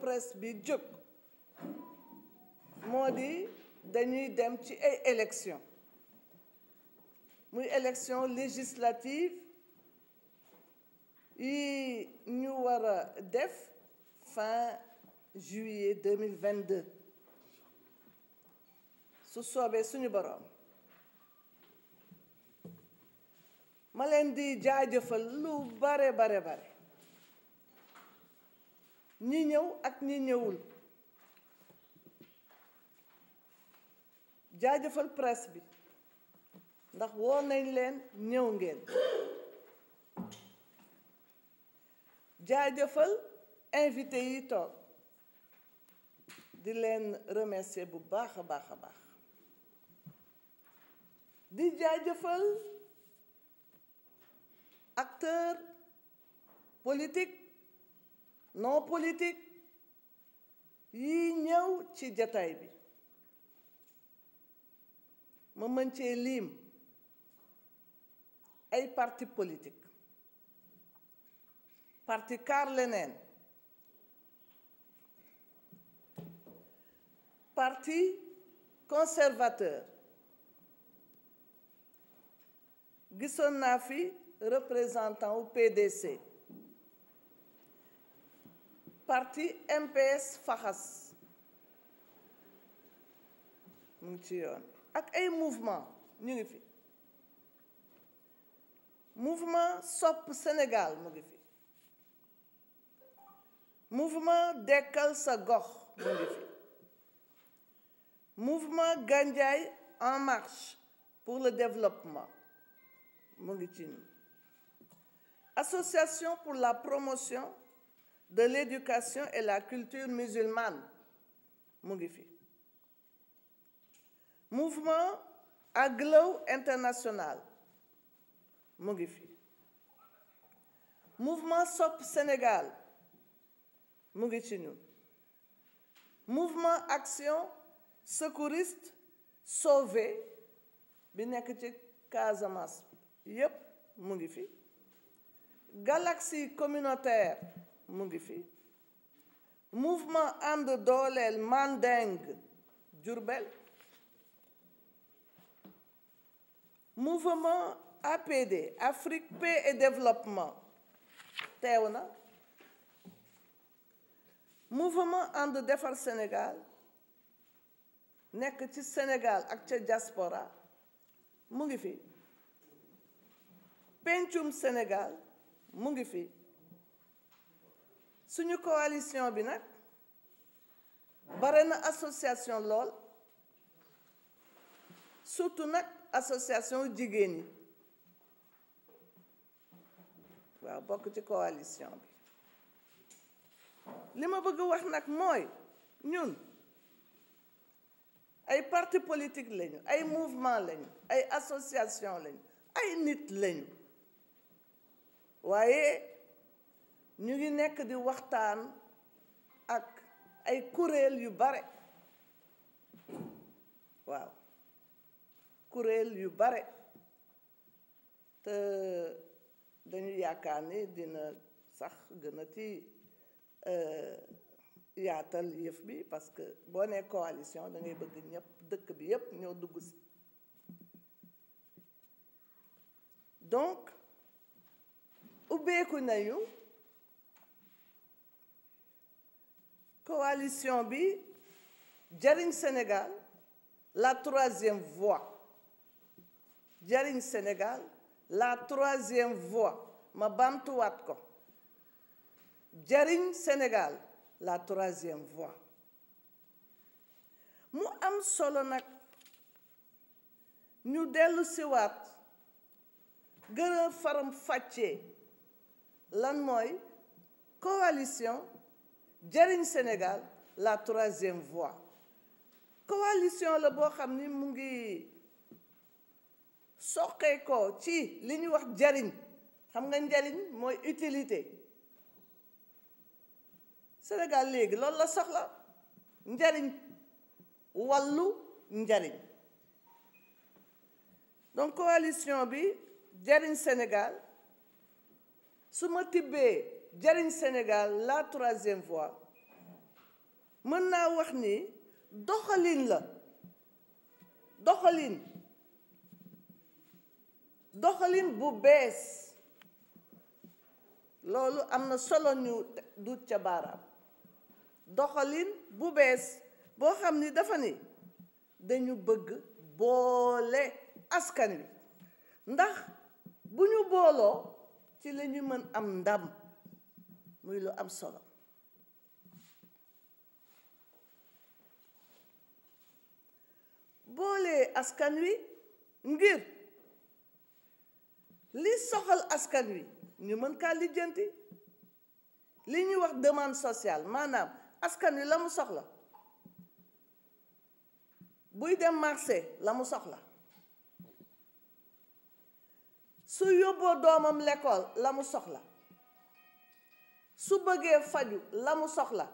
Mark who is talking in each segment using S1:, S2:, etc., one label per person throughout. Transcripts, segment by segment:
S1: presse bi jóg moo di dañuy dem ci ay élection muy élection législative yi ñu war a def fin juillet 2022 su soobee suñu boroom ma leen di jaajëfal lu bare bare bare ñi ñëw ak ñi ñëwul jaajëfal presse bi ndax woo nañ leen ñëw ngeen jaajëfal invité yi toog di leen remercier bu baax a baax a baax di jaajëfal acteur politique non politique yi ñëw ci jataay bi ma mën cee liim ay parti politik parti kaar leneen parti conservateur gisoon naa fi représentant wu PDC parti MPS faxas mu ngi ci yoon ak ay mouvement ñu ngi fi mouvement sopp Sénégal mu ngi fi mouvement dekkal sa gox mu ngi fi mouvement Gandiaye en marche pour le développement mu ngi ci ñu association pour la promotion de l'éducation et la culture musulmane mu ngi fi mouvement Aglow international mu ngi fi mouvement Sopp Sénégal mu ngi ci ñun mouvement action secouriste sauvé bi nekk ci Casamance yépp mu ngi fi galaxie communautaire mu ngi fi mouvement ànd dooleel mandeng Diourbel mouvement APD Afrique paix et développement teew na mouvement ànd defar Sénégal nekk ci Sénégal ak ca diaspora mu ngi fi pencum Sénégal mu ngi fi suñu coalition bi nag bare na association lool surtout nag association jigéen yi waaw bokk ci coalition bi li ma bëgg wax nag mooy ñun ay parti politique lañu ay mouvement lañu ay association lañu ay nit lañu waaye ñu ngi nekk di waxtaan ak ay kuréel yu bare waaw kuréel yu bare te dañu yaakaar ni dina sax gën a ci euh, yaatal yëf bi parce que boo nee coalition da bëgg ñëpp dëkk bi yëpp ñoo dugg si donc ubbeeku nañu coalition bi jariñ Sénégal la troisième voie jariñ Sénégal la troisième voie ma bamtuwaat ko jariñ Sénégal la troisième voie mu am solo nag ñu dellu siwaat gën a faram fàccee lan mooy coalition jariñ Sénégal la troisième voie coalition la boo xam ni mu ngi soqee ko ci li ñuy wax jariñ xam nga njëriñ mooy utilité Sénégal léegi loolu la soxla njëriñ wàllu njëriñ donc coalition bi jariñ Sénégal su ma tibbee jariñ Sénégal la troisième fois mën naa wax ni doxalin la doxalin doxalin bu bees loolu am na solo ñu du ca baaraam doxalin bu bees boo xam ni dafa ni dañu bëgg boole askan wi ndax bu ñu booloo ci la mën am ndam muy lu am solo boolee askan wi ngir li soxal askan wi ñu mën kaa lijjanti li ñuy wax demande social maanaam askan wi la mu soxla buy dem marché la mu soxla su yóbboo doomam lekkool la mu soxla su bëggee faju la mu soxla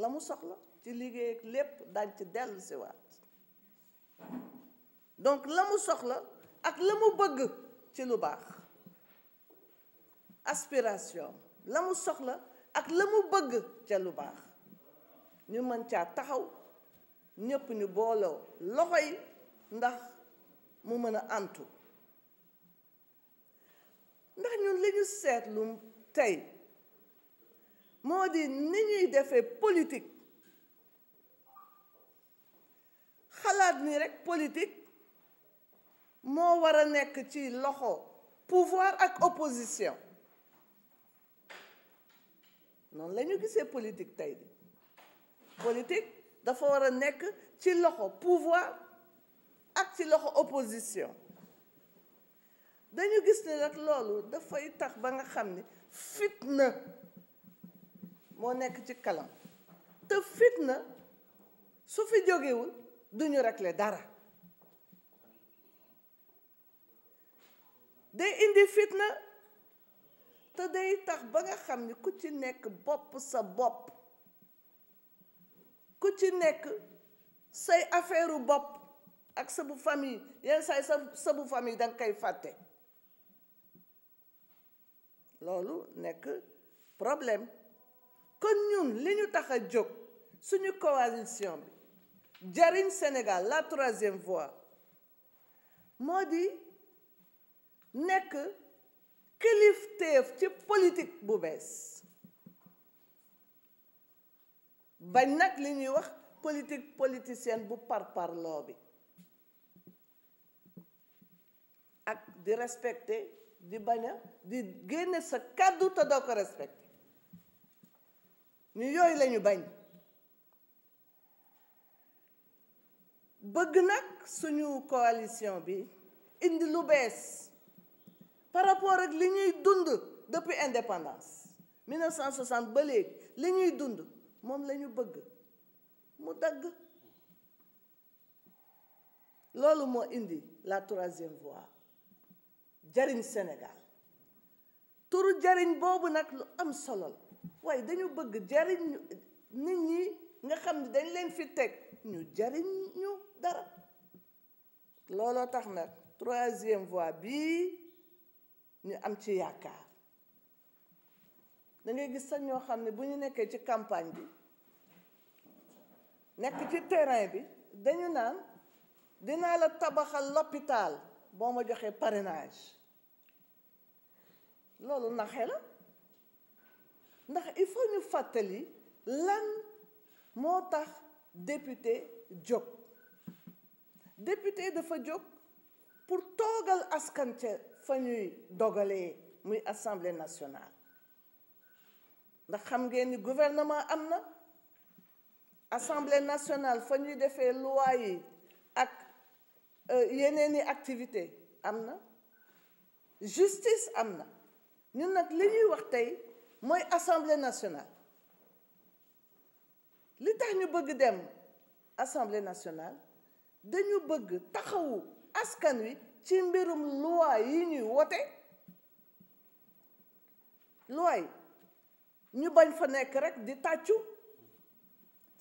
S1: la mu soxla ci liggéey ak lépp dañ ci dellu si waat donc la mu soxla ak la mu bëgg ci lu baax aspiration la mu soxla ak la mu bëgg ca lu baax ñu mën caa taxaw ñépp ñu booloo loxo yi ndax mu mën a antu ndax ñun li ñu seetlu tey moo di ni ñuy defee politique xalaat ni rekk politik moo war a nekk ci loxo pouvoir ak opposition noonu la ñu gisee politique tey di politique dafa war a nekk ci loxo pouvoir ak ci loxo opposition dañu gis ne rek loolu dafay tax ba nga xam ne fitna moo nekk ci kalam te fitna su fi jógewul duñu régler dara day indi fitna te day tax ba nga xam ni ku ci nekk bopp sa bopp ku ci nekk say affaire bopp ak sa bu famille yenn saay sa sa bu famille danga koy fàtte loolu nekk problème kon ñun li ñu tax a jóg suñu coalition bi jariñ Sénégal la troisième voie moo di nekk kilifteef ci politique bu bees bañ nag li ñuy wax politique politicienne bu parparloo bi ak di respecter di bañ a di génne sa kàddu te doo ko respecté ñu yooyu lañu bañ bëgg nag suñu coalition bi indi lu bees par rapport ak li ñuy dund depuis indépendance 1960 ba léegi li ñuy dund moom la ñu bëgg mu dagg loolu moo indi la troisième voie jariñ Sénégal turu jariñ boobu nag lu am solo waaye dañu bëgg jariñ nit ñi nga xam ne dañ leen fi teg ñu jariñ ñu dara looloo tax nag troisième voie bii ñu am ci yaakaar dangay gis sax ñoo xam ne bu ñu nekkee ci campagne bi nekk ci terrain bi dañu naan dinaa la tabaxal l'hôpital boo ma joxee parrainage loolu naxe la ndax il faut ñu fàttali lan moo tax député jóg député dafa jóg pour toogal askan ca fa ñuy dogalee muy assemblée nationale ndax xam ngeen ni gouvernement am na assemblée nationale fa ñuy defee loi yi ak euh, yeneen yi activité am na justice am na ñun nag li ñuy wax tey mooy assemblée nationale li tax ñu bëgg dem assemblée nationale dañu bëgg taxawu askan wi ci mbirum loi yi ñuy wote loi yi ñu bañ fa nekk rek di tàccu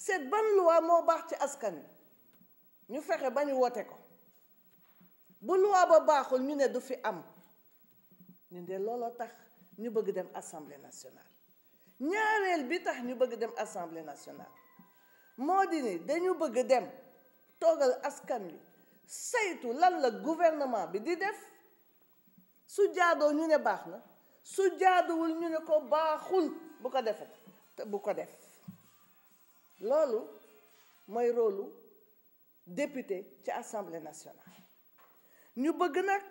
S1: seet ban loi moo baax ci askan wi ñu fexe ba ñu wote ko bu loi ba baaxul ñu ne du fi am ñu de looloo tax ñu bëgg dem assemblée nationale ñaareel bi tax ñu bëgg dem assemblée nationale moo di ni dañu bëgg dem toogal askan wi saytu lan la gouvernement bi di def su jaadoo ñu ne baax na su jaaduwul ñu ne ko baaxul bu ko defee te bu ko def loolu mooy rôlu député ci assemblée nationale ñu bëgg nag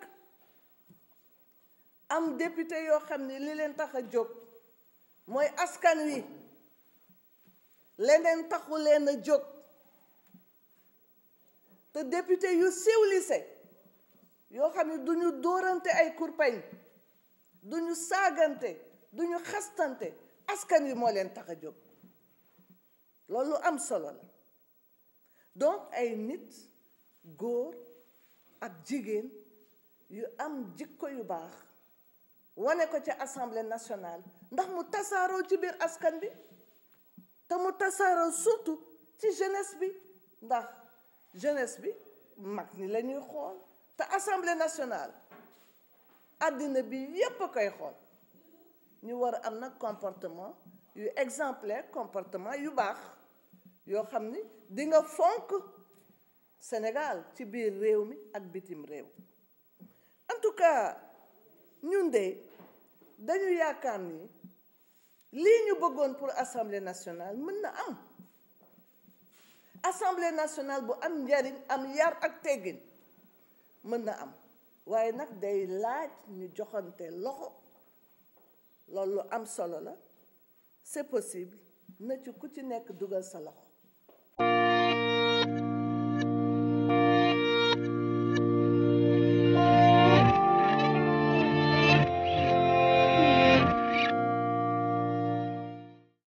S1: am député yoo xam ni li leen tax a jóg mooy askan wi leneen taxu leen a jóg te député yu civilisé yoo xam ne duñu ñu dóorante ay kurpañ duñu ñu saagante du xastante askan wi moo leen tax a jóg loolu am solo la donc ay nit góor ak jigéen yu am jikko yu baax wane ko ci assemblée nationale ndax mu tasaaroo ci biir askan bi te mu tasaaroo surtout ci jeunesse bi ndax jeunesse bi mag ni lañuy ñuy xool te assemblée nationale àddina bi yépp a koy xool ñu war am na comportement yu exemplaire comportement yu baax yoo xam ni dinga fonk Sénégal ci biir réew mi ak bitim réew en tout cas ñun de dañu yaakaar ni lii ñu bëggoon pour assemblée nationale mën na am assemblée nationale bu am njariñ am yar ak teggin mën na am waaye nag day laaj ñu joxante loxo loolu lu am solo la c'est possible na ci ku ci nekk dugal sa loxo